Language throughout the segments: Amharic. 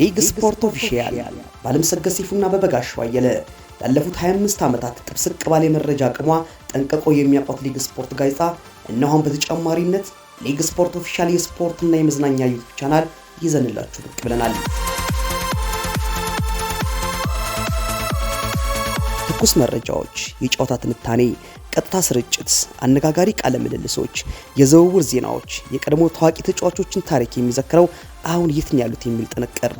ሊግ ስፖርት ኦፊሻል በዓለም ሰገድ ሰይፉና በበጋሻው አየለ ላለፉት 25 ዓመታት ጥብስቅ ባለ መረጃ አቅሟ ጠንቀቆ የሚያውቋት ሊግ ስፖርት ጋዜጣ እነሆን በተጨማሪነት ሊግ ስፖርት ኦፊሻል የስፖርትና የመዝናኛ ዩቱብ ቻናል ይዘንላችሁ ብቅ ብለናል። ትኩስ መረጃዎች፣ የጨዋታ ትንታኔ፣ ቀጥታ ስርጭት፣ አነጋጋሪ ቃለ ምልልሶች፣ የዝውውር ዜናዎች፣ የቀድሞ ታዋቂ ተጫዋቾችን ታሪክ የሚዘክረው አሁን የት ነው ያሉት የሚል ጥንቅር፣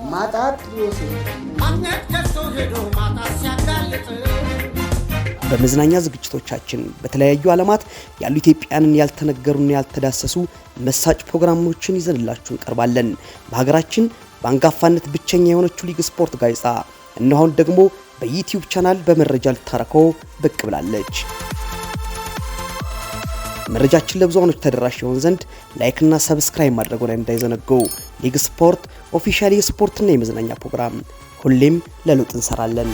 በመዝናኛ ዝግጅቶቻችን በተለያዩ ዓለማት ያሉ ኢትዮጵያንን ያልተነገሩና ያልተዳሰሱ መሳጭ ፕሮግራሞችን ይዘንላችሁ እንቀርባለን። በሀገራችን በአንጋፋነት ብቸኛ የሆነችው ሊግ ስፖርት ጋዜጣ እነሆን ደግሞ በዩቲዩብ ቻናል በመረጃ ልታረከው ብቅ ብላለች። መረጃችን ለብዙሃኖች ተደራሽ ይሆን ዘንድ ላይክና ሰብስክራይብ ላይ እንዳይዘነጉ። ሊግ ስፖርት ኦፊሻል የስፖርትና የመዝናኛ ፕሮግራም ሁሌም ለለውጥ እንሰራለን።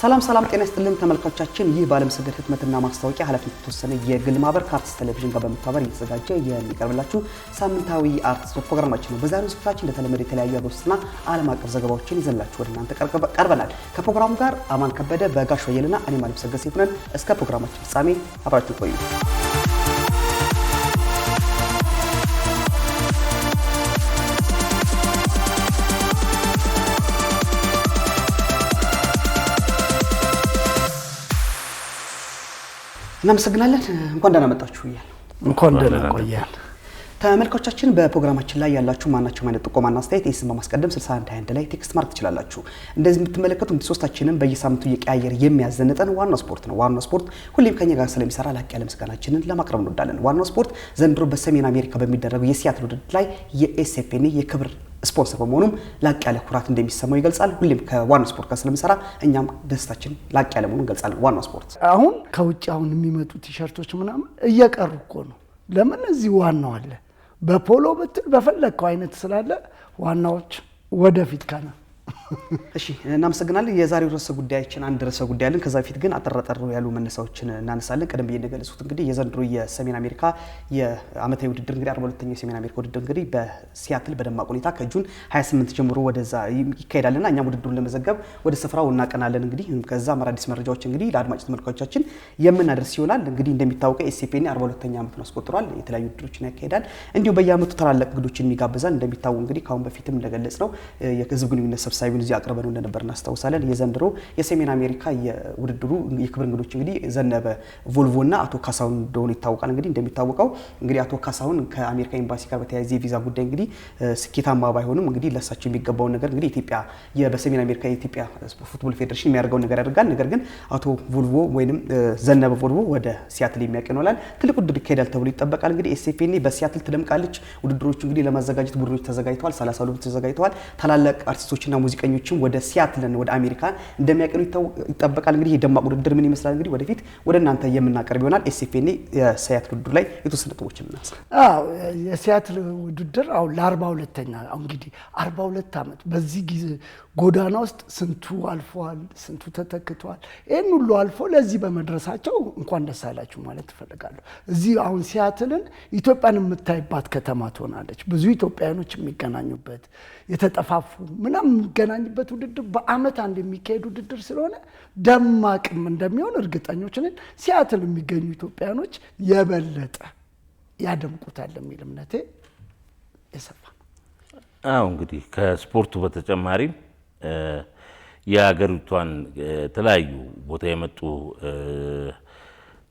ሰላም ሰላም፣ ጤና ይስጥልን ተመልካቾቻችን። ይህ በዓለም ስግር ህትመትና ማስታወቂያ ኃላፊነት የተወሰነ የግል ማህበር ከአርትስ ቴሌቪዥን ጋር በመተባበር እየተዘጋጀ የሚቀርብላችሁ ሳምንታዊ አርትስቶክ ፕሮግራማችን ነው። በዛሬው ዝግጅታችን እንደተለመደ የተለያዩ ሀገር ውስጥና ዓለም አቀፍ ዘገባዎችን ይዘንላችሁ ወደ እናንተ ቀርበናል። ከፕሮግራሙ ጋር አማን ከበደ በጋሽ ወየልና እኔ ማለብ ሰገድ ሴት ነን። እስከ ፕሮግራማችን ፍጻሜ አብራችሁ ቆዩ። እናመሰግናለን። እንኳን ደህና መጣችሁ እያል እንኳን ደህና ቆያል። ተመልካቾቻችን በፕሮግራማችን ላይ ያላችሁ ማናቸውም አይነት ጥቆማና አስተያየት ኤስን በማስቀደም 6121 ላይ ቴክስት ማርክ ትችላላችሁ። እንደዚህ የምትመለከቱ ሶስታችንም በየሳምንቱ እየቀያየር የሚያዘንጠን ዋናው ስፖርት ነው። ዋናው ስፖርት ሁሌም ከኛ ጋር ስለሚሰራ ላቅ ያለ ምስጋናችንን ለማቅረብ እንወዳለን። ዋናው ስፖርት ዘንድሮ በሰሜን አሜሪካ በሚደረገው የሲያትል ውድድር ላይ የኤስኤፍኤን የክብር ስፖንሰር በመሆኑም ላቅ ያለ ኩራት እንደሚሰማው ይገልጻል። ሁሌም ከዋናው ስፖርት ጋር ስለምሰራ እኛም ደስታችን ላቅ ያለ መሆኑን እንገልጻለን። ዋናው ስፖርት አሁን ከውጭ አሁን የሚመጡ ቲሸርቶች ምናምን እየቀሩ እኮ ነው። ለምን እዚህ ዋናው አለ። በፖሎ ብትል በፈለግከው አይነት ስላለ ዋናዎች ወደፊት ከና እሺ እናመሰግናለን። የዛሬው ርዕሰ ጉዳያችን አንድ ርዕሰ ጉዳይ አለን። ከዛ በፊት ግን አጠራጠር ያሉ መነሳዎችን እናነሳለን። ቀደም ብዬ እንደገለጽኩት እንግዲህ የዘንድሮ የሰሜን አሜሪካ የአመታዊ ውድድር እንግዲህ አርባ ሁለተኛው የሰሜን አሜሪካ ውድድር እንግዲህ በሲያትል በደማቅ ሁኔታ ከጁን 28 ጀምሮ ወደዛ ይካሄዳልና እኛም ውድድሩን ለመዘገብ ወደ ስፍራው እናቀናለን። እንግዲህ ከዛ አዳዲስ መረጃዎች እንግዲህ ለአድማጭ ተመልካቾቻችን የምናደርስ ይሆናል። እንግዲህ እንደሚታወቀው ኤስሲፒኒ 42ኛ ዓመቱን አስቆጥሯል። የተለያዩ ውድድሮችን ያካሄዳል። እንዲሁም በየአመቱ ታላላቅ እንግዶችን ይጋብዛል። እንደሚታወቅ እንግዲህ ከአሁን በፊትም እንደገለጽ ነው የህዝብ ግንኙነት ሰብሳቢ ራሳቸውን እዚህ አቅርበን እንደነበር እናስታውሳለን። የዘንድሮ የሰሜን አሜሪካ የውድድሩ የክብር እንግዶች እንግዲህ ዘነበ ቮልቮና አቶ ካሳሁን እንደሆኑ ይታወቃል። እንግዲህ እንደሚታወቀው እንግዲህ አቶ ካሳሁን ከአሜሪካ ኤምባሲ ጋር በተያያዘ የቪዛ ጉዳይ እንግዲህ ስኬታማ ባይሆንም እንግዲህ ለሳቸው የሚገባውን ነገር እንግዲህ ኢትዮጵያ በሰሜን አሜሪካ የኢትዮጵያ ፉትቦል ፌዴሬሽን የሚያደርገውን ነገር ያደርጋል። ነገር ግን አቶ ቮልቮ ወይም ዘነበ ቮልቮ ወደ ሲያትል የሚያቀነውላል ትልቅ ውድድር ይካሄዳል ተብሎ ይጠበቃል። እንግዲህ ኤስኤፍኤን በሲያትል ትደምቃለች። ውድድሮቹ እንግዲህ ለማዘጋጀት ቡድኖች ተዘጋጅተዋል። ሰላሳ ሁለት ተዘጋጅተዋል። ታላላቅ አርቲስቶችና ሙዚቀ ጋዜጠኞችም ወደ ሲያትልን ወደ አሜሪካ እንደሚያቀኑ ይጠበቃል። እንግዲህ የደማቅ ውድድር ምን ይመስላል እንግዲህ ወደፊት ወደ እናንተ የምናቀርብ ይሆናል። ኤስኤፍኔ የሲያትል ውድድር ላይ የተወሰነ ጥቦች እናንሳ። የሲያትል ውድድር አሁን ለአርባ ሁለተኛ እንግዲህ አርባ ሁለት ዓመት በዚህ ጊዜ ጎዳና ውስጥ ስንቱ አልፏል፣ ስንቱ ተተክቷል። ይህን ሁሉ አልፎ ለዚህ በመድረሳቸው እንኳን ደስ አላችሁ ማለት ትፈልጋለሁ። እዚህ አሁን ሲያትልን ኢትዮጵያን የምታይባት ከተማ ትሆናለች። ብዙ ኢትዮጵያውያኖች የሚገናኙበት የተጠፋፉ ምናምን የሚገናኝበት ውድድር በአመት አንድ የሚካሄድ ውድድር ስለሆነ ደማቅም እንደሚሆን እርግጠኞች ነን። ሲያትል የሚገኙ ኢትዮጵያውያኖች የበለጠ ያደምቁታል የሚል እምነቴ የሰፋ ነው። አዎ እንግዲህ ከስፖርቱ በተጨማሪም የሀገሪቷን የተለያዩ ቦታ የመጡ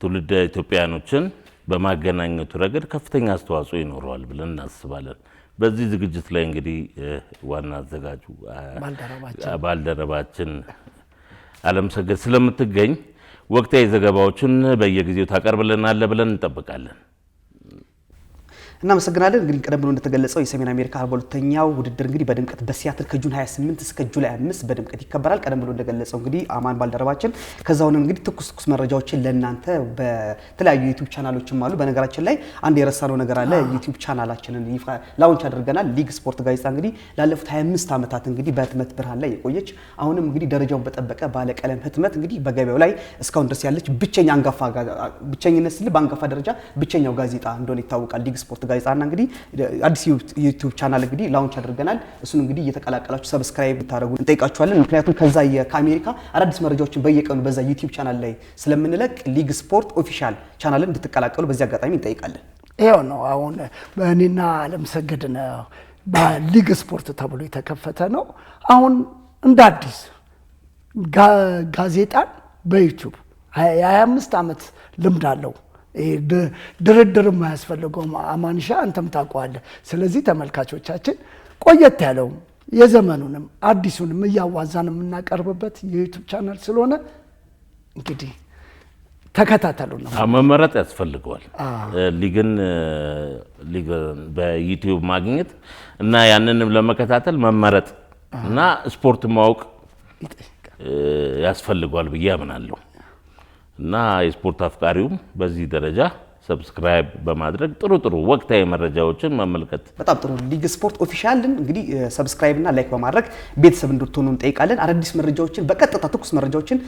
ትውልደ ኢትዮጵያውያኖችን በማገናኘቱ ረገድ ከፍተኛ አስተዋጽኦ ይኖረዋል ብለን እናስባለን። በዚህ ዝግጅት ላይ እንግዲህ ዋና አዘጋጁ ባልደረባችን አለምሰገድ ስለምትገኝ ወቅታዊ ዘገባዎችን በየጊዜው ታቀርብልናለ ብለን እንጠብቃለን። እናመሰግናለን። እንግዲህ ቀደም ብሎ እንደተገለጸው የሰሜን አሜሪካ አርባ ሁለተኛው ውድድር እንግዲህ በድምቀት በሲያትል ከጁን 28 እስከ ጁላይ 5 በድምቀት ይከበራል። ቀደም ብሎ እንደገለጸው እንግዲህ አማን ባልደረባችን ከዛውን እንግዲህ ትኩስ ትኩስ መረጃዎችን ለእናንተ በተለያዩ ዩቲዩብ ቻናሎችም አሉ። በነገራችን ላይ አንድ የረሳነው ነገር አለ። ዩቲዩብ ቻናላችንን ላውንች አድርገናል። ሊግ ስፖርት ጋዜጣ እንግዲህ ላለፉት 25 ዓመታት እንግዲህ በህትመት ብርሃን ላይ የቆየች አሁንም እንግዲህ ደረጃውን በጠበቀ ባለቀለም ህትመት እንግዲህ በገበያው ላይ እስካሁን ድረስ ያለች ብቸኛ አንጋፋ ብቸኝነት ስል በአንጋፋ ደረጃ ብቸኛው ጋዜጣ እንደሆነ ይታወቃል ሊግ ስፖርት ጋዜጣና እንግዲህ አዲስ ዩቲዩብ ቻናል እንግዲህ ላውንች አድርገናል። እሱን እንግዲህ እየተቀላቀላችሁ ሰብስክራይብ ብታደረጉ እንጠይቃችኋለን። ምክንያቱም ከዛ ከአሜሪካ አዳዲስ መረጃዎችን በየቀኑ በዛ ዩቲዩብ ቻናል ላይ ስለምንለቅ ሊግ ስፖርት ኦፊሻል ቻናልን እንድትቀላቀሉ በዚህ አጋጣሚ እንጠይቃለን። ይኸው ነው አሁን በእኔና አለምሰገድ ነው በሊግ ስፖርት ተብሎ የተከፈተ ነው። አሁን እንደ አዲስ ጋዜጣን በዩቱብ የ25 ዓመት ልምድ አለው። ድርድር የማያስፈልገውም አማንሻ አንተም ታውቀዋለህ። ስለዚህ ተመልካቾቻችን ቆየት ያለውም የዘመኑንም አዲሱንም እያዋዛን የምናቀርብበት የዩቱብ ቻናል ስለሆነ እንግዲህ ተከታተሉ ነው። መመረጥ ያስፈልገዋል። ሊግን ሊግ በዩቲዩብ ማግኘት እና ያንንም ለመከታተል መመረጥ እና ስፖርት ማወቅ ያስፈልገዋል ብዬ አምናለሁ። እና የስፖርት አፍቃሪውም በዚህ ደረጃ ሰብስክራይብ በማድረግ ጥሩ ጥሩ ወቅታዊ መረጃዎችን መመልከት በጣም ጥሩ። ሊግ ስፖርት ኦፊሻልን እንግዲህ ሰብስክራይብ እና ላይክ በማድረግ ቤተሰብ እንድትሆኑ እንጠይቃለን። አዳዲስ መረጃዎችን በቀጥታ ትኩስ መረጃዎችን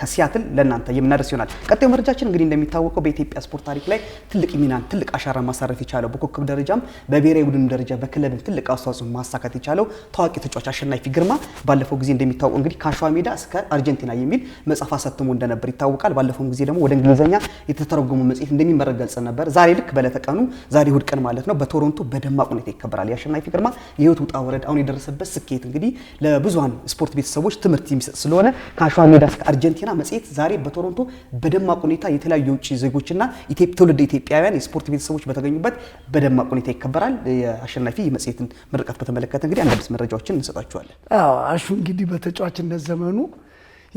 ከሲያትል ለእናንተ የምናደርስ ይሆናል። ቀጣዩ መረጃችን እንግዲህ እንደሚታወቀው በኢትዮጵያ ስፖርት ታሪክ ላይ ትልቅ ሚናን ትልቅ አሻራ ማሳረፍ የቻለው በኮከብ ደረጃም በብሔራዊ ቡድን ደረጃ በክለብም ትልቅ አስተዋጽኦ ማሳካት የቻለው ታዋቂ ተጫዋች አሸናፊ ግርማ ባለፈው ጊዜ እንደሚታወቀው እንግዲህ ከአሸዋ ሜዳ እስከ አርጀንቲና የሚል መጽሐፍ አሳትሞ እንደነበር ይታወቃል። ባለፈው ጊዜ ደግሞ ወደ እንግሊዝኛ የተተረጎሙ መጽሔት እንደሚመረቅ ገልጸን ነበር። ዛሬ ልክ በለተቀኑ ዛሬ እሑድ ቀን ማለት ነው በቶሮንቶ በደማቅ ሁኔታ ይከበራል። የአሸናፊ ግርማ የህይወት ውጣ ወረድ አሁን የደረሰበት ስኬት እንግዲህ ለብዙሀን ስፖርት ቤተሰቦች ትምህርት የሚሰጥ ስለሆነ ከአሸዋ ሜዳ እስከ አርጀንቲና መጽሔት ዛሬ በቶሮንቶ በደማቅ ሁኔታ የተለያዩ የውጭ ዜጎችና ትውልድ ኢትዮጵያውያን የስፖርት ቤተሰቦች በተገኙበት በደማቅ ሁኔታ ይከበራል። የአሸናፊ የመጽሔትን ምርቀት በተመለከተ እንግዲህ አንዳንድ መረጃዎችን እንሰጣችኋለን። አሹ እንግዲህ በተጫዋችነት ዘመኑ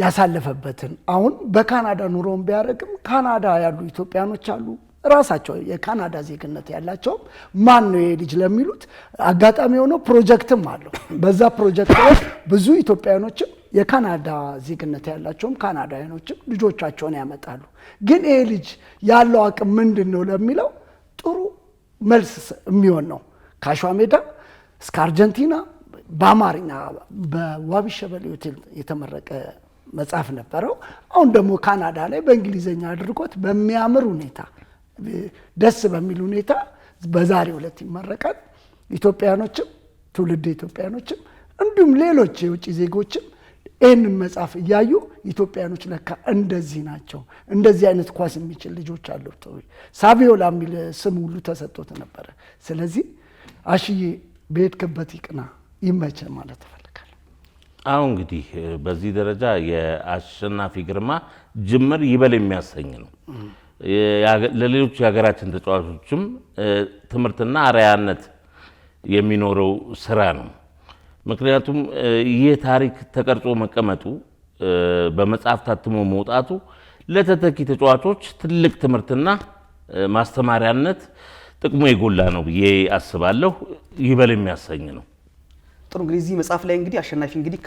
ያሳለፈበትን አሁን በካናዳ ኑሮውን ቢያደርግም ካናዳ ያሉ ኢትዮጵያኖች አሉ ራሳቸው የካናዳ ዜግነት ያላቸውም ማን ነው ይሄ ልጅ ለሚሉት አጋጣሚ የሆነው ፕሮጀክትም አለው። በዛ ፕሮጀክት ላይ ብዙ ኢትዮጵያኖችም የካናዳ ዜግነት ያላቸውም ካናዳውያኖችም ልጆቻቸውን ያመጣሉ። ግን ይሄ ልጅ ያለው አቅም ምንድን ነው ለሚለው ጥሩ መልስ የሚሆን ነው። ከአሸዋ ሜዳ እስከ አርጀንቲና በአማርኛ በዋቢ ሸበሌ ሆቴል የተመረቀ መጽሐፍ ነበረው። አሁን ደግሞ ካናዳ ላይ በእንግሊዘኛ አድርጎት በሚያምር ሁኔታ ደስ በሚል ሁኔታ በዛሬ ዕለት ይመረቃል። ኢትዮጵያኖችም ትውልድ ኢትዮጵያኖችም እንዲሁም ሌሎች የውጭ ዜጎችም ይህንን መጽሐፍ እያዩ ኢትዮጵያኖች ለካ እንደዚህ ናቸው፣ እንደዚህ አይነት ኳስ የሚችል ልጆች አሉት ሳቪዮላ የሚል ስም ሁሉ ተሰጥቶት ነበረ። ስለዚህ አሽዬ በሄድክበት ይቅና ይመቸ ማለት ነው። አሁ እንግዲህ በዚህ ደረጃ የአሸናፊ ግርማ ጅምር ይበል የሚያሰኝ ነው። ለሌሎች የሀገራችን ተጫዋቾችም ትምህርትና አርአያነት የሚኖረው ስራ ነው። ምክንያቱም ይህ ታሪክ ተቀርጾ መቀመጡ በመጽሐፍ ታትሞ መውጣቱ ለተተኪ ተጫዋቾች ትልቅ ትምህርትና ማስተማሪያነት ጥቅሙ የጎላ ነው ብዬ አስባለሁ። ይበል የሚያሰኝ ነው። ጥሩ እንግዲህ እዚህ መጽሐፍ ላይ እንግዲህ አሸናፊ እንግዲህ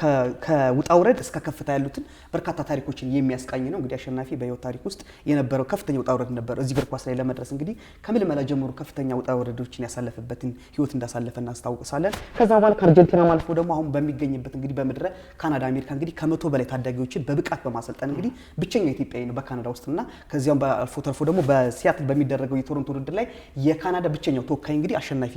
ከውጣ ውረድ እስከ ከፍታ ያሉትን በርካታ ታሪኮችን የሚያስቃኝ ነው። እንግዲህ አሸናፊ በህይወት ታሪክ ውስጥ የነበረው ከፍተኛ ውጣ ውረድ ነበር። እዚህ እግር ኳስ ላይ ለመድረስ እንግዲህ ከምልመላ ጀምሮ ከፍተኛ ውጣ ውረዶችን ያሳለፈበትን ህይወት እንዳሳለፈ እናስታውሳለን። ከዛ በኋላ ከአርጀንቲና ማልፎ ደግሞ አሁን በሚገኝበት እንግዲህ በምድረ ካናዳ አሜሪካ እንግዲህ ከመቶ በላይ ታዳጊዎችን በብቃት በማሰልጠን እንግዲህ ብቸኛ ኢትዮጵያዊ ነው በካናዳ ውስጥና ከዚያም አልፎ ተርፎ ደግሞ በሲያትል በሚደረገው የቶሮንቶ ውድድር ላይ የካናዳ ብቸኛው ተወካይ እንግዲህ አሸናፊ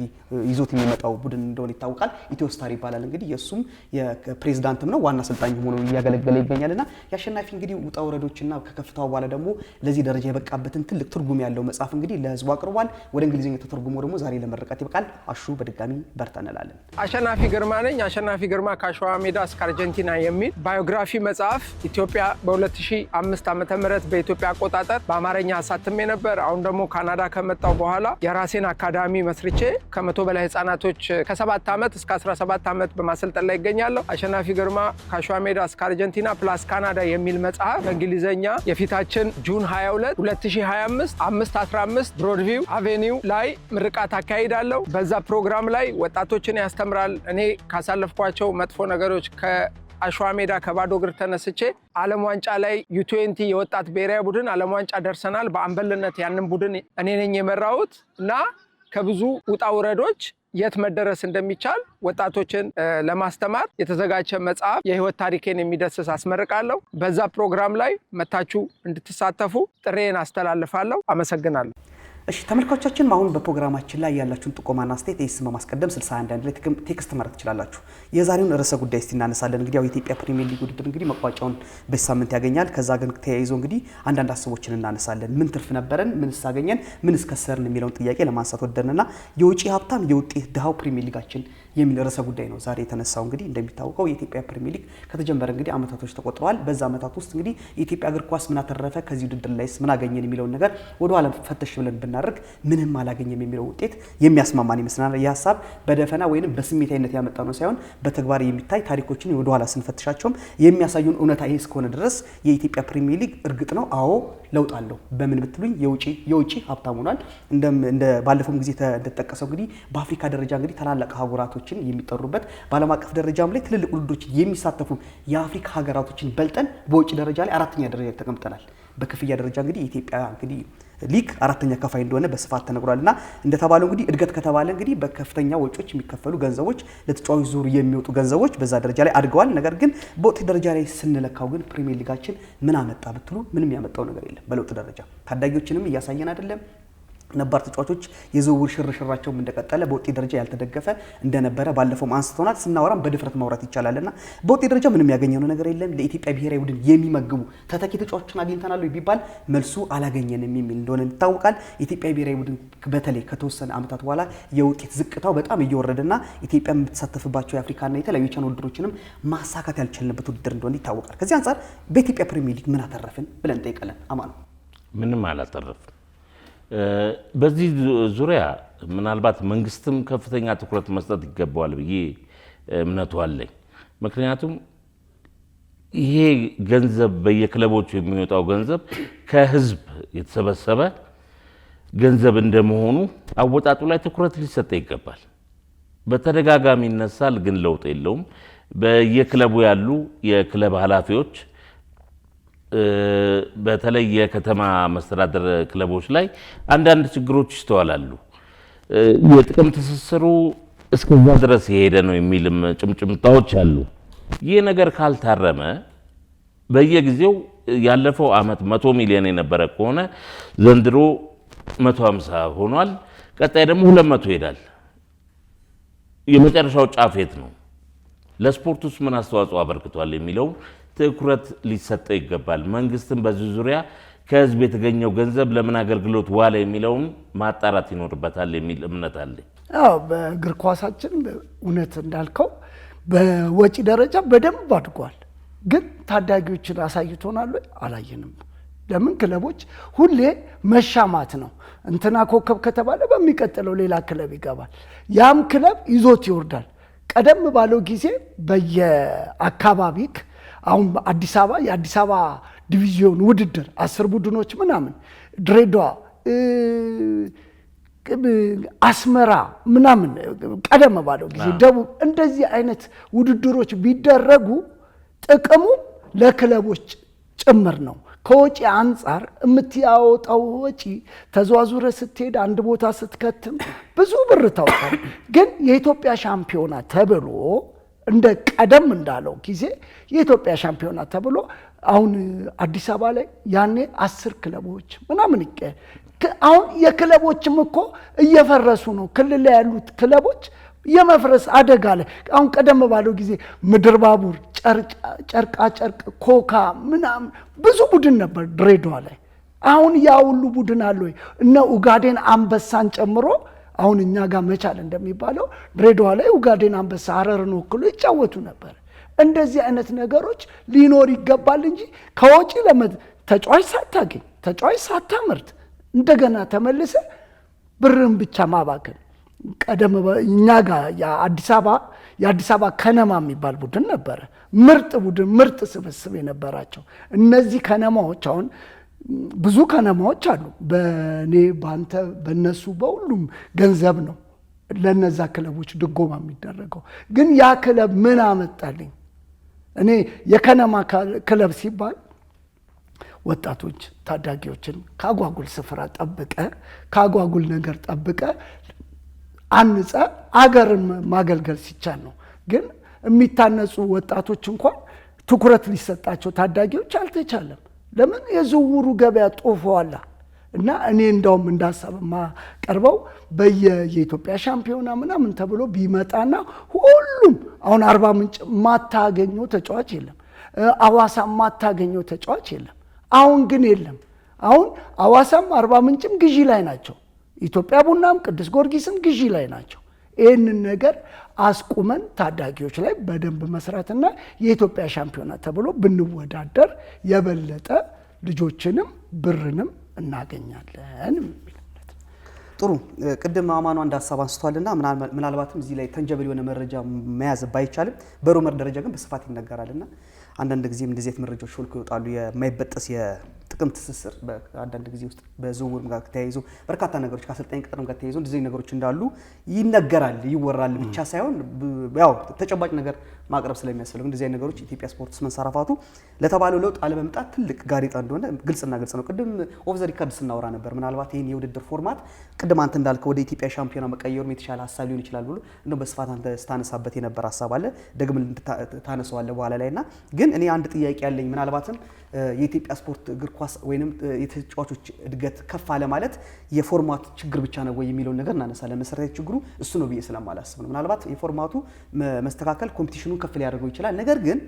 ይዞት የሚመጣው ቡድን እንደሆነ ይታወቃል። ኢትዮስታሪ ይባላል። እንግዲህ የእሱም የፕሬዚዳንትም ነው ዋና አሰልጣኝ ሆኖ እያገለገለ ይገኛል። እና የአሸናፊ እንግዲህ ውጣ ውረዶችና ከከፍታው በኋላ ደግሞ ለዚህ ደረጃ የበቃበትን ትልቅ ትርጉም ያለው መጽሐፍ እንግዲህ ለህዝቡ አቅርቧል። ወደ እንግሊዝኛ ተተርጉሞ ደግሞ ዛሬ ለመረቃት ይበቃል። አሹ በድጋሚ በርታ እንላለን። አሸናፊ ግርማ ነኝ። አሸናፊ ግርማ ከአሸዋ ሜዳ እስከ አርጀንቲና የሚል ባዮግራፊ መጽሐፍ ኢትዮጵያ በ2005 ም በኢትዮጵያ አቆጣጠር በአማርኛ አሳትሜ ነበር። አሁን ደግሞ ካናዳ ከመጣው በኋላ የራሴን አካዳሚ መስርቼ ከመቶ በላይ ህጻናቶች ከሰባት ዓመት እስከ 17 ሁለት ዓመት በማሰልጠን ላይ ይገኛለሁ። አሸናፊ ግርማ ከአሸዋ ሜዳ እስከ አርጀንቲና ፕላስ ካናዳ የሚል መጽሐፍ በእንግሊዝኛ የፊታችን ጁን 22 2025 515 ብሮድቪው አቬኒው ላይ ምርቃት አካሂዳለሁ። በዛ ፕሮግራም ላይ ወጣቶችን ያስተምራል። እኔ ካሳለፍኳቸው መጥፎ ነገሮች አሸዋ ሜዳ ከባዶ እግር ተነስቼ ዓለም ዋንጫ ላይ ዩትዌንቲ የወጣት ብሔራዊ ቡድን ዓለም ዋንጫ ደርሰናል። በአንበልነት ያንን ቡድን እኔ ነኝ የመራሁት እና ከብዙ ውጣ ውረዶች የት መደረስ እንደሚቻል ወጣቶችን ለማስተማር የተዘጋጀ መጽሐፍ የህይወት ታሪኬን የሚደስስ አስመርቃለሁ። በዛ ፕሮግራም ላይ መታችሁ እንድትሳተፉ ጥሬን አስተላልፋለሁ። አመሰግናለሁ። እሺ ተመልካቾቻችን አሁን በፕሮግራማችን ላይ ያላችሁን ጥቆማና አስተያየት ይስም በማስቀደም 61 ላይ ቴክስት መረት ትችላላችሁ። የዛሬውን ርዕሰ ጉዳይ እስቲ እናነሳለን። እንግዲህ ያው የኢትዮጵያ ፕሪሚየር ሊግ ውድድር እንግዲህ መቋጫውን በዚህ ሳምንት ያገኛል። ከዛ ግን ተያይዞ እንግዲህ አንዳንድ ሀሳቦችን እናነሳለን። ምን ትርፍ ነበረን፣ ምን ሳገኘን፣ ምን እስከሰርን የሚለውን ጥያቄ ለማንሳት ወደንና የውጪ ሀብታም የውጤት ድሃው ፕሪሚየር ሊጋችን የሚል ርዕሰ ጉዳይ ነው ዛሬ የተነሳው። እንግዲህ እንደሚታወቀው የኢትዮጵያ ፕሪሚየር ሊግ ከተጀመረ እንግዲህ አመታቶች ተቆጥረዋል። በዛ አመታት ውስጥ እንግዲህ የኢትዮጵያ እግር ኳስ ምን አተረፈ፣ ከዚህ ውድድር ላይስ ምን አገኘን የሚለውን ነገር ወደ ፈተሽ ብለን ብናደርግ ምንም አላገኘም የሚለው ውጤት የሚያስማማን ይመስላል። ይህ ሀሳብ በደፈና ወይም በስሜታዊነት ያመጣ ነው ሳይሆን በተግባር የሚታይ ታሪኮችን ወደኋላ ስንፈትሻቸውም የሚያሳዩን እውነታ ይሄ እስከሆነ ድረስ የኢትዮጵያ ፕሪሚየር ሊግ እርግጥ ነው አዎ ለውጥ አለው። በምን ብትሉኝ የውጭ ሀብታም ሆኗል። እንደ ባለፈውም ጊዜ እንደተጠቀሰው እንግዲህ በአፍሪካ ደረጃ እንግዲህ ታላላቅ ሀገራቶችን የሚጠሩበት በዓለም አቀፍ ደረጃም ላይ ትልልቅ ውድዶች የሚሳተፉ የአፍሪካ ሀገራቶችን በልጠን በውጭ ደረጃ ላይ አራተኛ ደረጃ ተቀምጠናል። በክፍያ ደረጃ እንግዲህ ኢትዮጵያ እንግዲህ ሊግ አራተኛ ከፋይ እንደሆነ በስፋት ተነግሯል። እና እንደተባለው እንግዲህ እድገት ከተባለ እንግዲህ በከፍተኛ ወጪዎች የሚከፈሉ ገንዘቦች ለተጫዋች ዙር የሚወጡ ገንዘቦች በዛ ደረጃ ላይ አድገዋል። ነገር ግን በውጤት ደረጃ ላይ ስንለካው ግን ፕሪሚየር ሊጋችን ምን አመጣ ብትሉ ምንም ያመጣው ነገር የለም። በለውጥ ደረጃ ታዳጊዎችንም እያሳየን አይደለም ነባር ተጫዋቾች የዝውውር ሽርሽራቸውም እንደቀጠለ በውጤት ደረጃ ያልተደገፈ እንደነበረ ባለፈውም አንስተውናል። ስናወራም በድፍረት ማውራት ይቻላልና በውጤት ደረጃ ምንም ያገኘነው ነገር የለም። ለኢትዮጵያ ብሔራዊ ቡድን የሚመግቡ ተተኪ ተጫዋቾችን አግኝተናሉ ቢባል መልሱ አላገኘንም የሚል እንደሆነ ይታወቃል። ኢትዮጵያ ብሔራዊ ቡድን በተለይ ከተወሰነ ዓመታት በኋላ የውጤት ዝቅታው በጣም እየወረደና ኢትዮጵያ የምትሳተፍባቸው የአፍሪካና የተለያዩ ቻን ውድድሮችንም ማሳካት ያልቻልንበት ውድድር እንደሆነ ይታወቃል። ከዚህ አንጻር በኢትዮጵያ ፕሪሚየር ሊግ ምን አተረፍን ብለን ጠይቀለን። አማ ነው ምንም አላተረፍን በዚህ ዙሪያ ምናልባት መንግስትም ከፍተኛ ትኩረት መስጠት ይገባዋል ብዬ እምነቱ አለኝ። ምክንያቱም ይሄ ገንዘብ በየክለቦቹ የሚወጣው ገንዘብ ከህዝብ የተሰበሰበ ገንዘብ እንደመሆኑ አወጣጡ ላይ ትኩረት ሊሰጠ ይገባል። በተደጋጋሚ ይነሳል፣ ግን ለውጥ የለውም። በየክለቡ ያሉ የክለብ ኃላፊዎች በተለይ የከተማ መስተዳደር ክለቦች ላይ አንዳንድ ችግሮች ይስተዋላሉ። የጥቅም ትስስሩ እስከዛ ድረስ የሄደ ነው የሚልም ጭምጭምታዎች አሉ። ይህ ነገር ካልታረመ በየጊዜው ያለፈው ዓመት መቶ ሚሊዮን የነበረ ከሆነ ዘንድሮ መቶ ሀምሳ ሆኗል። ቀጣይ ደግሞ ሁለት መቶ ይሄዳል። የመጨረሻው ጫፍ የት ነው? ለስፖርት ውስጥ ምን አስተዋጽኦ አበርክቷል የሚለውን ትኩረት ሊሰጠው ይገባል። መንግስትም በዚህ ዙሪያ ከህዝብ የተገኘው ገንዘብ ለምን አገልግሎት ዋለ የሚለውን ማጣራት ይኖርበታል የሚል እምነት አለ። በእግር ኳሳችን እውነት እንዳልከው በወጪ ደረጃ በደንብ አድጓል። ግን ታዳጊዎችን አሳይቶናል አላየንም። ለምን ክለቦች ሁሌ መሻማት ነው። እንትና ኮከብ ከተባለ በሚቀጥለው ሌላ ክለብ ይገባል፣ ያም ክለብ ይዞት ይወርዳል። ቀደም ባለው ጊዜ በየአካባቢክ አሁን አዲስ አበባ የአዲስ አበባ ዲቪዚዮን ውድድር አስር ቡድኖች ምናምን ድሬዳዋ አስመራ ምናምን ቀደም ባለው ጊዜ ደቡብ እንደዚህ አይነት ውድድሮች ቢደረጉ ጥቅሙ ለክለቦች ጭምር ነው። ከወጪ አንጻር የምትያወጣው ወጪ ተዟዙረ ስትሄድ አንድ ቦታ ስትከትም ብዙ ብር ታውጣል። ግን የኢትዮጵያ ሻምፒዮና ተብሎ እንደ ቀደም እንዳለው ጊዜ የኢትዮጵያ ሻምፒዮና ተብሎ አሁን አዲስ አበባ ላይ ያኔ አስር ክለቦች ምናምን ይቀ አሁን የክለቦችም እኮ እየፈረሱ ነው። ክልል ላይ ያሉት ክለቦች የመፍረስ አደጋ ላይ አሁን ቀደም ባለው ጊዜ ምድር ባቡር፣ ጨርቃ ጨርቅ፣ ኮካ ምናምን ብዙ ቡድን ነበር ድሬዳዋ ላይ። አሁን ያ ሁሉ ቡድን አለ ወይ? እነ ኡጋዴን አንበሳን ጨምሮ አሁን እኛ ጋር መቻል እንደሚባለው ድሬዳዋ ላይ ኡጋዴን፣ አንበሳ፣ ሀረርን ወክሎ ይጫወቱ ነበር። እንደዚህ አይነት ነገሮች ሊኖር ይገባል እንጂ ከወጪ ተጫዋች ሳታገኝ ተጫዋች ሳታመርት እንደገና ተመልሰ ብርን ብቻ ማባከል ቀደም እኛ ጋር የአዲስ አበባ የአዲስ አበባ ከነማ የሚባል ቡድን ነበረ። ምርጥ ቡድን ምርጥ ስብስብ የነበራቸው እነዚህ ከነማዎች አሁን ብዙ ከነማዎች አሉ። በእኔ በአንተ በእነሱ በሁሉም ገንዘብ ነው ለነዛ ክለቦች ድጎማ የሚደረገው። ግን ያ ክለብ ምን አመጣልኝ? እኔ የከነማ ክለብ ሲባል ወጣቶች ታዳጊዎችን ከአጓጉል ስፍራ ጠብቀ ከአጓጉል ነገር ጠብቀ አንጸ አገርን ማገልገል ሲቻል ነው። ግን የሚታነጹ ወጣቶች እንኳን ትኩረት ሊሰጣቸው ታዳጊዎች አልተቻለም። ለምን የዝውውሩ ገበያ ጦፈዋላ እና እኔ እንደውም እንዳሳብ ማቀርበው በየኢትዮጵያ ሻምፒዮና ምናምን ተብሎ ቢመጣና ሁሉም አሁን አርባ ምንጭ ማታገኘው ተጫዋች የለም፣ አዋሳ ማታገኘው ተጫዋች የለም። አሁን ግን የለም። አሁን አዋሳም አርባ ምንጭም ግዢ ላይ ናቸው። ኢትዮጵያ ቡናም ቅዱስ ጊዮርጊስም ግዢ ላይ ናቸው። ይህንን ነገር አስቁመን ታዳጊዎች ላይ በደንብ መስራትና የኢትዮጵያ ሻምፒዮና ተብሎ ብንወዳደር የበለጠ ልጆችንም ብርንም እናገኛለን ጥሩ ቅድም አማኗ አንድ ሀሳብ አንስቷልና ምናልባትም እዚህ ላይ ተንጀብል የሆነ መረጃ መያዝ ባይቻልም በሩመር ደረጃ ግን በስፋት ይነገራልና አንዳንድ ጊዜም እንደዚህ መረጃዎች ሾልኮ ይወጣሉ የማይበጠስ ጥቅም ትስስር አንዳንድ ጊዜ ውስጥ በዝውውር ጋር ተያይዞ በርካታ ነገሮች ከአሰልጣኝ ቅጥርም ጋር ተያይዞ እንደዚህ ነገሮች እንዳሉ ይነገራል፣ ይወራል ብቻ ሳይሆን ያው ተጨባጭ ነገር ማቅረብ ስለሚያስፈልግ እንደዚህ ነገሮች ኢትዮጵያ ስፖርት ውስጥ መንሰራፋቱ ለተባለው ለውጥ አለመምጣት ትልቅ ጋሪጣ እንደሆነ ግልጽና ግልጽ ነው። ቅድም ኦፍ ዘ ሪከርድ ስናወራ ነበር። ምናልባት ይህን የውድድር ፎርማት ቅድም አንተ እንዳልከው ወደ ኢትዮጵያ ሻምፒዮና መቀየሩም የተሻለ ሀሳብ ሊሆን ይችላል ብሎ እንደውም በስፋት አንተ ስታነሳበት የነበር ሀሳብ አለ፣ ደግም ታነሰዋለ በኋላ ላይ እና ግን እኔ አንድ ጥያቄ ያለኝ ምናልባትም የኢትዮጵያ ስፖርት እግር ኳስ ወይም የተጫዋቾች እድገት ከፍ አለ ማለት የፎርማቱ ችግር ብቻ ነው ወይ የሚለውን ነገር እናነሳለን። መሰረታዊ ችግሩ እሱ ነው ብዬ ስለማላስብ ነው። ምናልባት የፎርማቱ መስተካከል ኮምፒቲሽኑን ከፍ ሊያደርገው ይችላል። ነገር ግን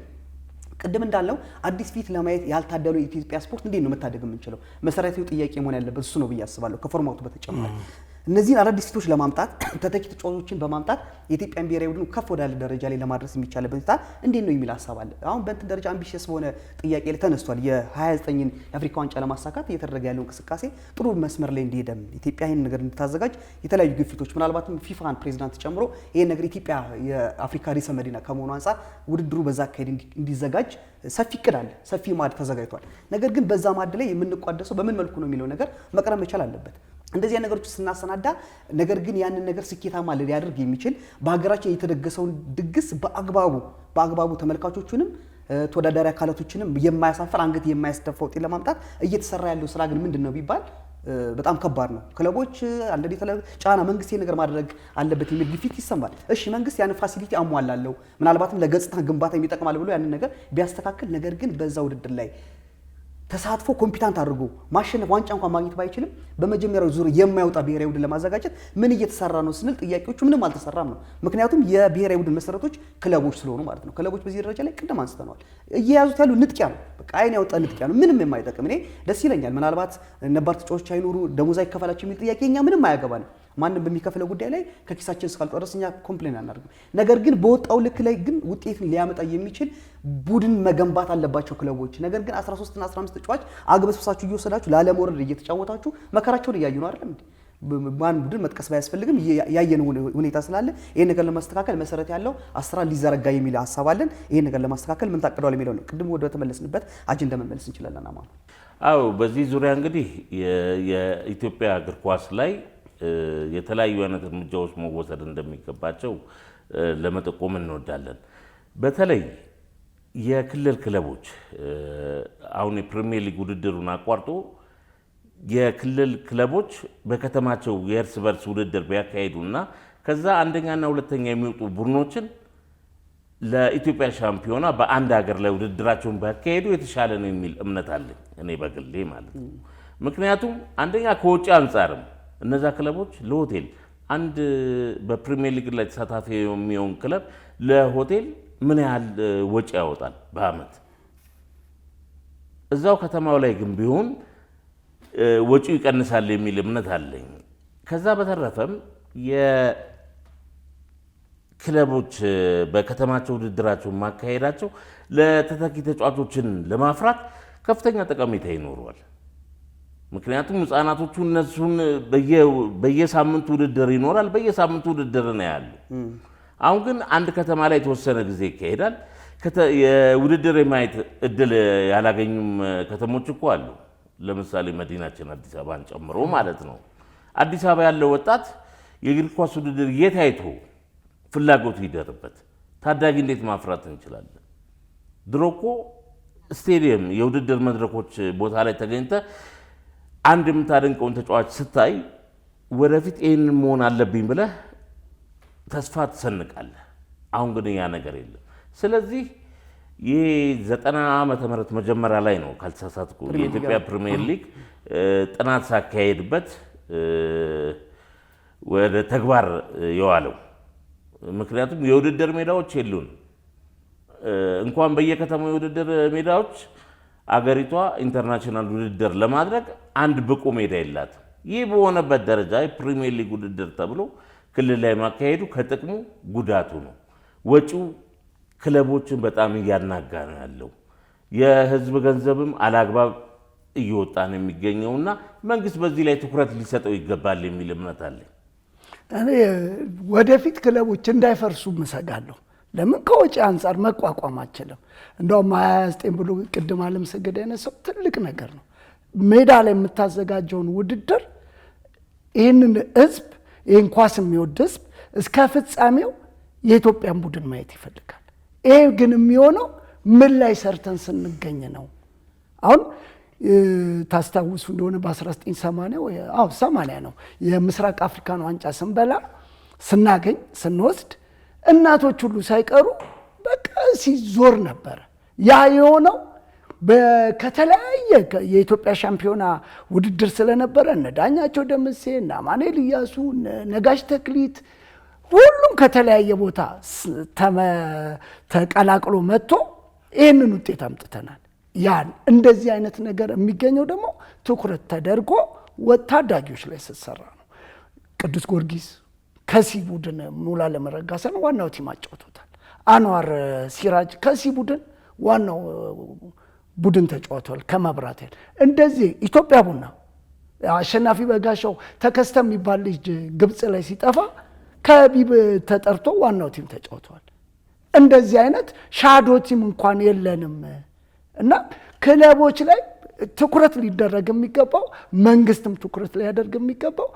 ቅድም እንዳለው አዲስ ፊት ለማየት ያልታደሉ የኢትዮጵያ ስፖርት እንዴት ነው መታደግ የምንችለው? መሰረታዊ ጥያቄ መሆን ያለበት እሱ ነው ብዬ አስባለሁ ከፎርማቱ በተጨማሪ እነዚህን አዳዲስ ፊቶች ለማምጣት ተተኪ ተጫዋቾችን በማምጣት የኢትዮጵያን ብሔራዊ ቡድን ከፍ ወዳለ ደረጃ ላይ ለማድረስ የሚቻልበት ሁኔታ እንዴት ነው የሚል ሀሳብ አለ። አሁን በእንትን ደረጃ አምቢሽስ በሆነ ጥያቄ ላይ ተነስቷል። የ29ን የአፍሪካ ዋንጫ ለማሳካት እየተደረገ ያለው እንቅስቃሴ ጥሩ መስመር ላይ እንዲሄደም ኢትዮጵያ ይህን ነገር እንድታዘጋጅ የተለያዩ ግፊቶች ምናልባትም ፊፋን ፕሬዚዳንት ጨምሮ ይህን ነገር ኢትዮጵያ የአፍሪካ ርዕሰ መዲና ከመሆኑ አንጻር ውድድሩ በዛ አካሄድ እንዲዘጋጅ ሰፊ እቅድ አለ። ሰፊ ማድ ተዘጋጅቷል። ነገር ግን በዛ ማድ ላይ የምንቋደሰው በምን መልኩ ነው የሚለው ነገር መቅረብ መቻል አለበት። እንደዚህ ነገሮች ስናሰናዳ ነገር ግን ያንን ነገር ስኬታማ ሊያደርግ የሚችል በሀገራችን የተደገሰውን ድግስ በአግባቡ በአግባቡ ተመልካቾቹንም ተወዳዳሪ አካላቶችንም የማያሳፍር አንገት የማያስደፋ ውጤት ለማምጣት እየተሰራ ያለው ስራ ግን ምንድን ነው ቢባል በጣም ከባድ ነው። ክለቦች አንዳንዴ ጫና መንግስት ነገር ማድረግ አለበት የሚል ግፊት ይሰማል። እሺ መንግስት ያን ፋሲሊቲ አሟላለሁ፣ ምናልባትም ለገጽታ ግንባታ የሚጠቅማል ብሎ ያንን ነገር ቢያስተካክል ነገር ግን በዛ ውድድር ላይ ተሳትፎ ኮምፒታንት አድርጎ ማሸነፍ ዋንጫ እንኳን ማግኘት ባይችልም በመጀመሪያው ዙር የማይወጣ ብሔራዊ ቡድን ለማዘጋጀት ምን እየተሰራ ነው ስንል ጥያቄዎቹ ምንም አልተሰራም ነው። ምክንያቱም የብሔራዊ ቡድን መሰረቶች ክለቦች ስለሆኑ ማለት ነው። ክለቦች በዚህ ደረጃ ላይ ቅድም አንስተነዋል። እየያዙት ያሉ ንጥቂያ ነው። በቃ አይን ያወጣ ንጥቂያ ነው። ምንም የማይጠቅም እኔ ደስ ይለኛል። ምናልባት ነባር ተጫዋቾች አይኖሩ ደሞዝ አይከፈላቸው የሚል ጥያቄ እኛ ምንም አያገባንም። ማንም በሚከፍለው ጉዳይ ላይ ከኪሳችን እስካልጨረስ እኛ ኮምፕሌን አናደርግም። ነገር ግን በወጣው ልክ ላይ ግን ውጤትን ሊያመጣ የሚችል ቡድን መገንባት አለባቸው ክለቦች። ነገር ግን 13 እና 15 ተጫዋች አግበስብሳችሁ እየወሰዳችሁ ላለመውረድ እየተጫወታችሁ መከራቸውን እያዩ ነው አይደለም እንዴ? ማን ቡድን መጥቀስ ባያስፈልግም ያየነው ሁኔታ ስላለ ይህን ነገር ለማስተካከል መሰረት ያለው አስራ ሊዘረጋ የሚል ሀሳብ አለን። ይህን ነገር ለማስተካከል ምን ታቅደዋል የሚለው ነው። ቅድም ወደ ተመለስንበት አጀንዳ መመለስ እንችላለን። አማ አዎ፣ በዚህ ዙሪያ እንግዲህ የኢትዮጵያ እግር ኳስ ላይ የተለያዩ አይነት እርምጃዎች መወሰድ እንደሚገባቸው ለመጠቆም እንወዳለን። በተለይ የክልል ክለቦች አሁን የፕሪሚየር ሊግ ውድድሩን አቋርጦ የክልል ክለቦች በከተማቸው የእርስ በርስ ውድድር ቢያካሄዱና ከዛ አንደኛና ሁለተኛ የሚወጡ ቡድኖችን ለኢትዮጵያ ሻምፒዮና በአንድ ሀገር ላይ ውድድራቸውን ቢያካሄዱ የተሻለ ነው የሚል እምነት አለኝ እኔ በግሌ ማለት ነው። ምክንያቱም አንደኛ ከውጭ አንጻርም እነዛ ክለቦች ለሆቴል አንድ በፕሪሚየር ሊግ ላይ ተሳታፊ የሚሆን ክለብ ለሆቴል ምን ያህል ወጪ ያወጣል በአመት? እዛው ከተማው ላይ ግን ቢሆን ወጪው ይቀንሳል የሚል እምነት አለኝ። ከዛ በተረፈም የክለቦች በከተማቸው ውድድራቸውን ማካሄዳቸው ለተተኪ ተጫዋቾችን ለማፍራት ከፍተኛ ጠቀሜታ ይኖረዋል። ምክንያቱም ህፃናቶቹ እነሱን በየሳምንቱ ውድድር ይኖራል። በየሳምንቱ ውድድር ነው ያሉ አሁን ግን አንድ ከተማ ላይ የተወሰነ ጊዜ ይካሄዳል። የውድድር የማየት እድል ያላገኙም ከተሞች እኮ አሉ። ለምሳሌ መዲናችን አዲስ አበባን ጨምሮ ማለት ነው። አዲስ አበባ ያለው ወጣት የእግር ኳስ ውድድር የት አይቶ ፍላጎቱ ይደርበት? ታዳጊ እንዴት ማፍራት እንችላለን? ድሮ እኮ ስቴዲየም፣ የውድድር መድረኮች ቦታ ላይ ተገኝተ አንድ የምታደንቀውን ተጫዋች ስታይ ወደፊት ይህንን መሆን አለብኝ ብለህ ተስፋ ትሰንቃለህ። አሁን ግን ያ ነገር የለም። ስለዚህ ይህ ዘጠና ዓመተ ምህረት መጀመሪያ ላይ ነው ካልተሳሳትኩ የኢትዮጵያ ፕሪሚየር ሊግ ጥናት ሳካሄድበት ወደ ተግባር የዋለው ምክንያቱም የውድድር ሜዳዎች የሉን እንኳን በየከተማው የውድድር ሜዳዎች አገሪቷ ኢንተርናሽናል ውድድር ለማድረግ አንድ ብቁ ሜዳ የላትም። ይህ በሆነበት ደረጃ የፕሪሚየር ሊግ ውድድር ተብሎ ክልል ላይ ማካሄዱ ከጥቅሙ ጉዳቱ ነው። ወጪው ክለቦችን በጣም እያናጋ ነው ያለው። የህዝብ ገንዘብም አላግባብ እየወጣ ነው የሚገኘውና መንግስት በዚህ ላይ ትኩረት ሊሰጠው ይገባል የሚል እምነት አለኝ። እኔ ወደፊት ክለቦች እንዳይፈርሱ እሰጋለሁ። ለምን ከወጪ አንጻር መቋቋም አችልም። እንደውም ሀያ ዘጠኝ ብሎ ቅድም አለም ሰገድ ያነሳው ትልቅ ነገር ነው። ሜዳ ላይ የምታዘጋጀውን ውድድር ይህንን ህዝብ ይህን ኳስ የሚወድ ህዝብ እስከ ፍጻሜው የኢትዮጵያን ቡድን ማየት ይፈልጋል። ይሄ ግን የሚሆነው ምን ላይ ሰርተን ስንገኝ ነው። አሁን ታስታውሱ እንደሆነ በ1980 አዎ 80 ነው የምስራቅ አፍሪካን ዋንጫ ስንበላ ስናገኝ ስንወስድ እናቶች ሁሉ ሳይቀሩ በቃ ሲዞር ነበረ ያ የሆነው ከተለያየ የኢትዮጵያ ሻምፒዮና ውድድር ስለነበረ እነ ዳኛቸው ደምሴ እነ አማኔል እያሱ ነጋሽ ተክሊት ሁሉም ከተለያየ ቦታ ተቀላቅሎ መጥቶ ይህንን ውጤት አምጥተናል። ያን እንደዚህ አይነት ነገር የሚገኘው ደግሞ ትኩረት ተደርጎ ታዳጊዎች ላይ ስትሰራ ነው። ቅዱስ ጊዮርጊስ ከሲ ቡድን ሙላ ለመረጋሰን ዋናው ቲም አጫውቶታል። አንዋር ሲራጅ ከሲ ቡድን ዋናው ቡድን ተጫውቷል ከማብራት እንደዚህ ኢትዮጵያ ቡና አሸናፊ በጋሻው ተከስተ የሚባል ልጅ ግብፅ ላይ ሲጠፋ ከቢብ ተጠርቶ ዋናው ቲም ተጫውተዋል። እንደዚህ አይነት ሻዶ ቲም እንኳን የለንም እና ክለቦች ላይ ትኩረት ሊደረግ የሚገባው መንግስትም ትኩረት ሊያደርግ የሚገባው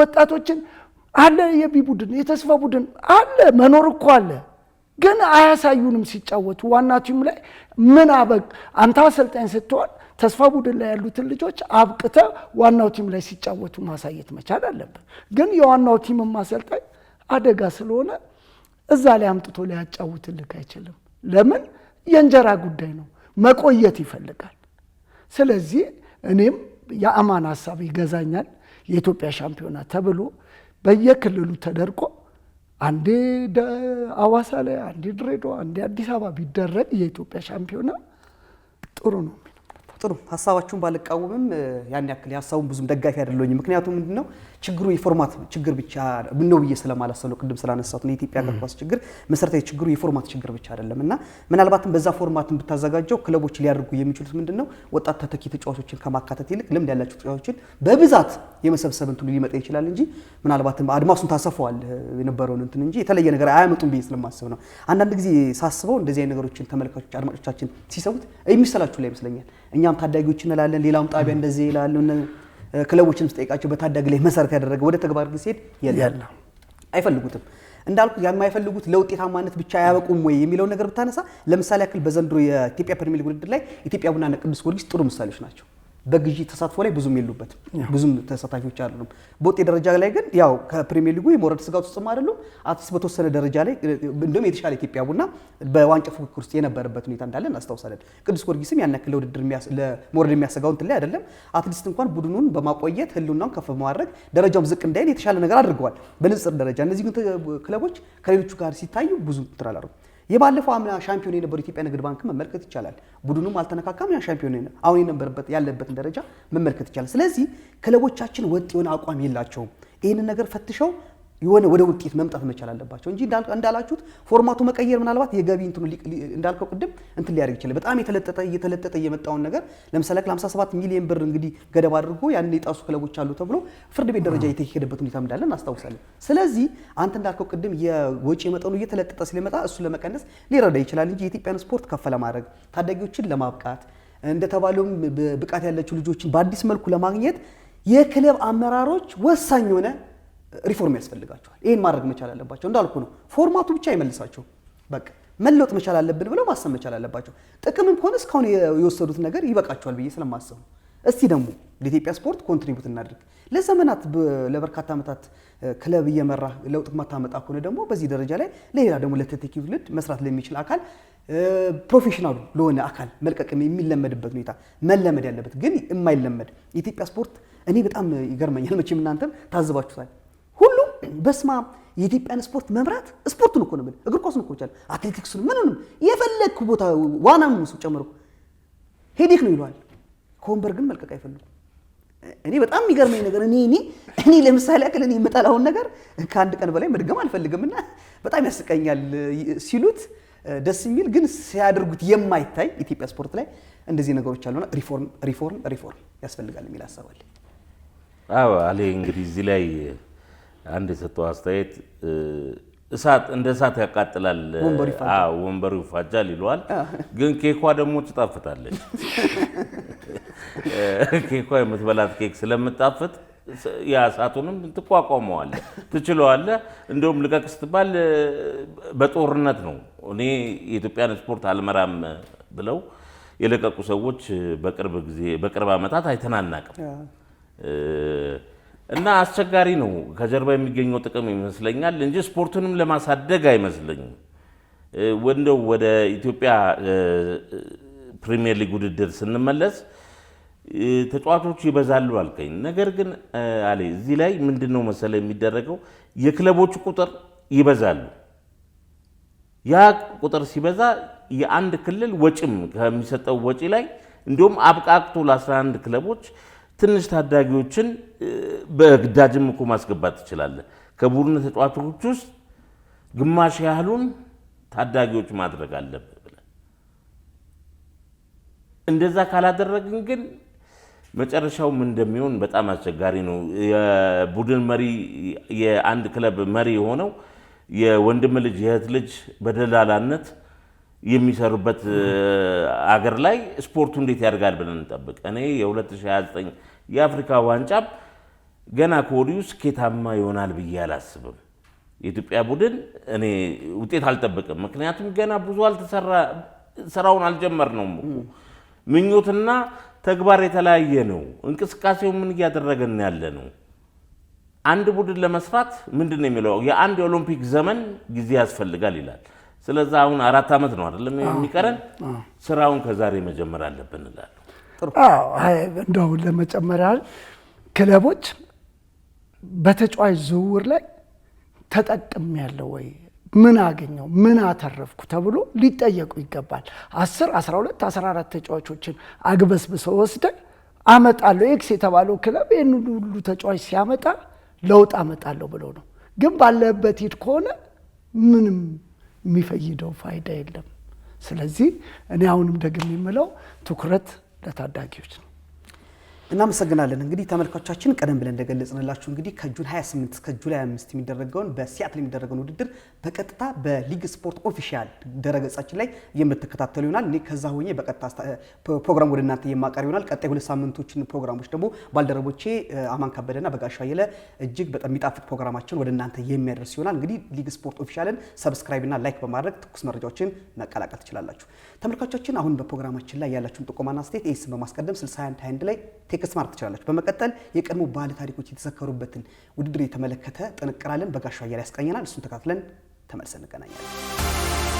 ወጣቶችን አለ የቢ ቡድን የተስፋ ቡድን አለ መኖር እኮ አለ ግን አያሳዩንም ሲጫወቱ። ዋና ቲም ላይ ምን አበቅ አንተ አሰልጣኝ ስትሆን ተስፋ ቡድን ላይ ያሉትን ልጆች አብቅተ ዋናው ቲም ላይ ሲጫወቱ ማሳየት መቻል አለብን። ግን የዋናው ቲም ማሰልጣኝ አደጋ ስለሆነ እዛ ላይ አምጥቶ ሊያጫውትልክ አይችልም። ለምን የእንጀራ ጉዳይ ነው፣ መቆየት ይፈልጋል። ስለዚህ እኔም የአማን ሀሳብ ይገዛኛል የኢትዮጵያ ሻምፒዮና ተብሎ በየክልሉ ተደርጎ አንዴ አዋሳ ላይ፣ አንዴ ድሬዳዋ፣ አንዴ አዲስ አበባ ቢደረግ የኢትዮጵያ ሻምፒዮና ጥሩ ነው። ጥሩ ሀሳባችሁን ባልቃወምም ያን ያክል የሀሳቡን ብዙም ደጋፊ አይደለኝ። ምክንያቱም ምንድነው ችግሩ የፎርማት ችግር ብቻ ነው ብዬ ስለማላሰብ ነው። ቅድም ስላነሳሁት ለኢትዮጵያ እግር ኳስ ችግር መሰረታዊ ችግሩ የፎርማት ችግር ብቻ አይደለም እና ምናልባትም በዛ ፎርማትን ብታዘጋጀው ክለቦች ሊያደርጉ የሚችሉት ምንድነው ወጣት ተተኪ ተጫዋቾችን ከማካተት ይልቅ ልምድ ያላቸው ተጫዋቾችን በብዛት የመሰብሰብ እንትኑ ሊመጣ ይችላል እንጂ ምናልባትም አድማሱን ታሰፈዋል የነበረውን እንትን እንጂ የተለየ ነገር አያመጡም ብዬ ስለማስብ ነው። አንዳንድ ጊዜ ሳስበው እንደዚህ አይነት ነገሮችን ተመልካቾች አድማጮቻችን ሲሰሙት የሚሰላችሁ ላይ ይመስለኛል። እኛም ታዳጊዎች እንላለን፣ ሌላውም ጣቢያ እንደዚህ ይላሉ። ክለቦችንም ስጠይቃቸው በታዳጊ ላይ መሰረት ያደረገ ወደ ተግባር ግን ሲሄድ የለም፣ አይፈልጉትም። እንዳልኩት የማይፈልጉት ለውጤታማነት ብቻ አያበቁም ወይ የሚለውን ነገር ብታነሳ፣ ለምሳሌ ያክል በዘንድሮ የኢትዮጵያ ፕሪሚየር ሊግ ውድድር ላይ ኢትዮጵያ ቡናና ቅዱስ ጊዮርጊስ ጥሩ ምሳሌዎች ናቸው። በግዢ ተሳትፎ ላይ ብዙም የሉበትም፣ ብዙም ተሳታፊዎች አሉም። በውጤ ደረጃ ላይ ግን ያው ከፕሪሚየር ሊጉ የመውረድ ስጋት ውስጥም አይደሉም። አትሊስት በተወሰነ ደረጃ ላይ እንደውም የተሻለ ኢትዮጵያ ቡና በዋንጫ ፉክክር ውስጥ የነበረበት ሁኔታ እንዳለ እናስታውሳለን። ቅዱስ ጊዮርጊስም ያን ያክል ለውድድር ለመውረድ የሚያሰጋው እንትን ላይ አይደለም። አትሊስት እንኳን ቡድኑን በማቆየት ህልውናውን ከፍ በማድረግ ደረጃውም ዝቅ እንዳይል የተሻለ ነገር አድርገዋል በንጽር ደረጃ። እነዚህ ግን ክለቦች ከሌሎቹ ጋር ሲታዩ ብዙ ትራላሩ የባለፈው አምና ሻምፒዮን የነበረው ኢትዮጵያ ንግድ ባንክ መመልከት ይቻላል። ቡድኑም አልተነካካም። ያ ሻምፒዮን አሁን የነበረበት ያለበትን ደረጃ መመልከት ይቻላል። ስለዚህ ክለቦቻችን ወጥ የሆነ አቋም የላቸውም። ይህንን ነገር ፈትሸው የሆነ ወደ ውጤት መምጣት መቻል አለባቸው እንጂ እንዳላችሁት ፎርማቱ መቀየር ምናልባት የገቢ እንትኑ እንዳልከው ቅድም እንትን ሊያደርግ ይችላል። በጣም የተለጠጠ እየተለጠጠ የመጣውን ነገር ለምሳሌ ለ 57 ሚሊዮን ብር እንግዲህ ገደብ አድርጎ ያን የጣሱ ክለቦች አሉ ተብሎ ፍርድ ቤት ደረጃ የተሄደበት ሁኔታ እንዳለን እናስታውሳለን። ስለዚህ አንተ እንዳልከው ቅድም የወጪ መጠኑ እየተለጠጠ ስለመጣ እሱ ለመቀነስ ሊረዳ ይችላል እንጂ የኢትዮጵያን ስፖርት ከፍ ለማድረግ ታዳጊዎችን ለማብቃት እንደተባለውም ብቃት ያላቸው ልጆችን በአዲስ መልኩ ለማግኘት የክለብ አመራሮች ወሳኝ የሆነ ሪፎርም ያስፈልጋቸዋል። ይህን ማድረግ መቻል አለባቸው። እንዳልኩ ነው፣ ፎርማቱ ብቻ አይመልሳቸው። በቃ መለወጥ መቻል አለብን ብለው ማሰብ መቻል አለባቸው። ጥቅምም ከሆነ እስካሁን የወሰዱት ነገር ይበቃቸዋል ብዬ ነው። እስቲ ደግሞ ለኢትዮጵያ ስፖርት ኮንትሪቡት እናድርግ። ለዘመናት ለበርካታ ዓመታት ክለብ እየመራ ለውጥ ማታመጣ ከሆነ ደግሞ በዚህ ደረጃ ላይ ለሌላ ደግሞ ለተተኪ ትውልድ መስራት ለሚችል አካል ፕሮፌሽናሉ ለሆነ አካል መልቀቅ የሚለመድበት ሁኔታ መለመድ ያለበት ግን የማይለመድ የኢትዮጵያ ስፖርት እኔ በጣም ይገርመኛል። መቼም እናንተም ታዝባችሁታል። በስማ የኢትዮጵያን ስፖርት መምራት ስፖርቱን እኮ ነው የምልህ፣ እግር ኳሱን እኮ ይቻላል፣ አትሌቲክሱን፣ ምንንም የፈለግክ ቦታ ዋናም ስ ጨምሮ ሄዴክ ነው ይለዋል። ከወንበር ግን መልቀቅ አይፈልጉ እኔ በጣም የሚገርመኝ ነገር እኔ እኔ እኔ ለምሳሌ ያክል እኔ የምጠላውን ነገር ከአንድ ቀን በላይ መድገም አልፈልግምና በጣም ያስቀኛል ሲሉት ደስ የሚል ግን ሲያደርጉት የማይታይ ኢትዮጵያ ስፖርት ላይ እንደዚህ ነገሮች አሉና ሪፎርም ሪፎርም ሪፎርም ያስፈልጋል የሚል ሀሳብ አለ። አዎ አሌ እንግዲህ እዚህ ላይ አንድ የሰጠው አስተያየት እሳት እንደ እሳት ያቃጥላል፣ ወንበሩ ይፋጃል ይለዋል። ግን ኬኳ ደግሞ ትጣፍጣለች። ኬኳ የምትበላት ኬክ ስለምጣፍጥ ያ እሳቱንም ትቋቋመዋለ ትችለዋለህ። እንደውም ልቀቅ ስትባል በጦርነት ነው እኔ የኢትዮጵያን ስፖርት አልመራም ብለው የለቀቁ ሰዎች በቅርብ ዓመታት አይተናናቅም። እና አስቸጋሪ ነው። ከጀርባ የሚገኘው ጥቅም ይመስለኛል እንጂ ስፖርቱንም ለማሳደግ አይመስለኝም። ወንደው ወደ ኢትዮጵያ ፕሪሚየር ሊግ ውድድር ስንመለስ ተጫዋቾቹ ይበዛሉ አልከኝ። ነገር ግን አሌ እዚህ ላይ ምንድን ነው መሰለ የሚደረገው የክለቦቹ ቁጥር ይበዛሉ። ያ ቁጥር ሲበዛ የአንድ ክልል ወጪም ከሚሰጠው ወጪ ላይ እንዲሁም አብቃቅቶ ለ11 ክለቦች ትንሽ ታዳጊዎችን በግዳጅም እኮ ማስገባት ትችላለህ። ከቡድን ተጫዋቾች ውስጥ ግማሽ ያህሉን ታዳጊዎች ማድረግ አለብህ ብለህ እንደዛ ካላደረግን ግን መጨረሻው እንደሚሆን በጣም አስቸጋሪ ነው። የቡድን መሪ የአንድ ክለብ መሪ የሆነው የወንድም ልጅ የእህት ልጅ በደላላነት የሚሰሩበት አገር ላይ ስፖርቱ እንዴት ያድጋል ብለን እንጠብቅ። እኔ የ2029 የአፍሪካ ዋንጫ ገና ከወዲሁ ስኬታማ ይሆናል ብዬ አላስብም። የኢትዮጵያ ቡድን እኔ ውጤት አልጠብቅም። ምክንያቱም ገና ብዙ አልተሰራ ስራውን አልጀመር ነው። ምኞትና ተግባር የተለያየ ነው። እንቅስቃሴው ምን እያደረገን ያለ ነው? አንድ ቡድን ለመስራት ምንድን ነው የሚለው የአንድ የኦሎምፒክ ዘመን ጊዜ ያስፈልጋል ይላል ስለዚህ አሁን አራት ዓመት ነው አይደለም የሚቀረን። ስራውን ከዛሬ መጀመር አለብን እላለሁ። እንደው ለመጨመር ያህል ክለቦች በተጫዋች ዝውውር ላይ ተጠቅም ያለው ወይ ምን አገኘው ምን አተረፍኩ ተብሎ ሊጠየቁ ይገባል። አስር አስራ ሁለት አስራ አራት ተጫዋቾችን አግበስብሰው ወስደን አመጣለሁ ኤክስ የተባለው ክለብ ይህን ሁሉ ተጫዋች ሲያመጣ ለውጥ አመጣለሁ ብለው ነው። ግን ባለበት ሂድ ከሆነ ምንም የሚፈይደው ፋይዳ የለም። ስለዚህ እኔ አሁንም ደግሞ የምለው ትኩረት ለታዳጊዎች ነው። እናመሰግናለን እንግዲህ ተመልካቾቻችን ቀደም ብለን እንደገለጽንላችሁ እንግዲህ ከጁን 28 እስከ ጁላይ 5 የሚደረገውን በሲያትል የሚደረገውን ውድድር በቀጥታ በሊግ ስፖርት ኦፊሻል ድረገጻችን ላይ የምትከታተሉ ይሆናል። እኔ ከዛ ሆኜ በቀጥታ ፕሮግራም ወደ እናንተ የማቀርብ ይሆናል። ቀጣይ ሁለት ሳምንቶችን ፕሮግራሞች ደግሞ ባልደረቦቼ አማን ከበደና በጋሻ አየለ እጅግ በጣም የሚጣፍጥ ፕሮግራማችን ወደ እናንተ የሚያደርስ ይሆናል። እንግዲህ ሊግ ስፖርት ኦፊሻልን ሰብስክራይብና ላይክ በማድረግ ትኩስ መረጃዎችን መቀላቀል ትችላላችሁ። ተመልካቾቻችን አሁን በፕሮግራማችን ላይ ያላችሁን ጥቆማና አስተያየት ኤስን በማስቀደም 6121 ላይ ቴክስት ማድረግ ትችላላችሁ። በመቀጠል የቀድሞ ባለ ታሪኮች የተዘከሩበትን ውድድር የተመለከተ ጥንቅራለን በጋሻ አየር ያስቀኘናል። እሱን ተካትለን ተመልሰን እንገናኛለን።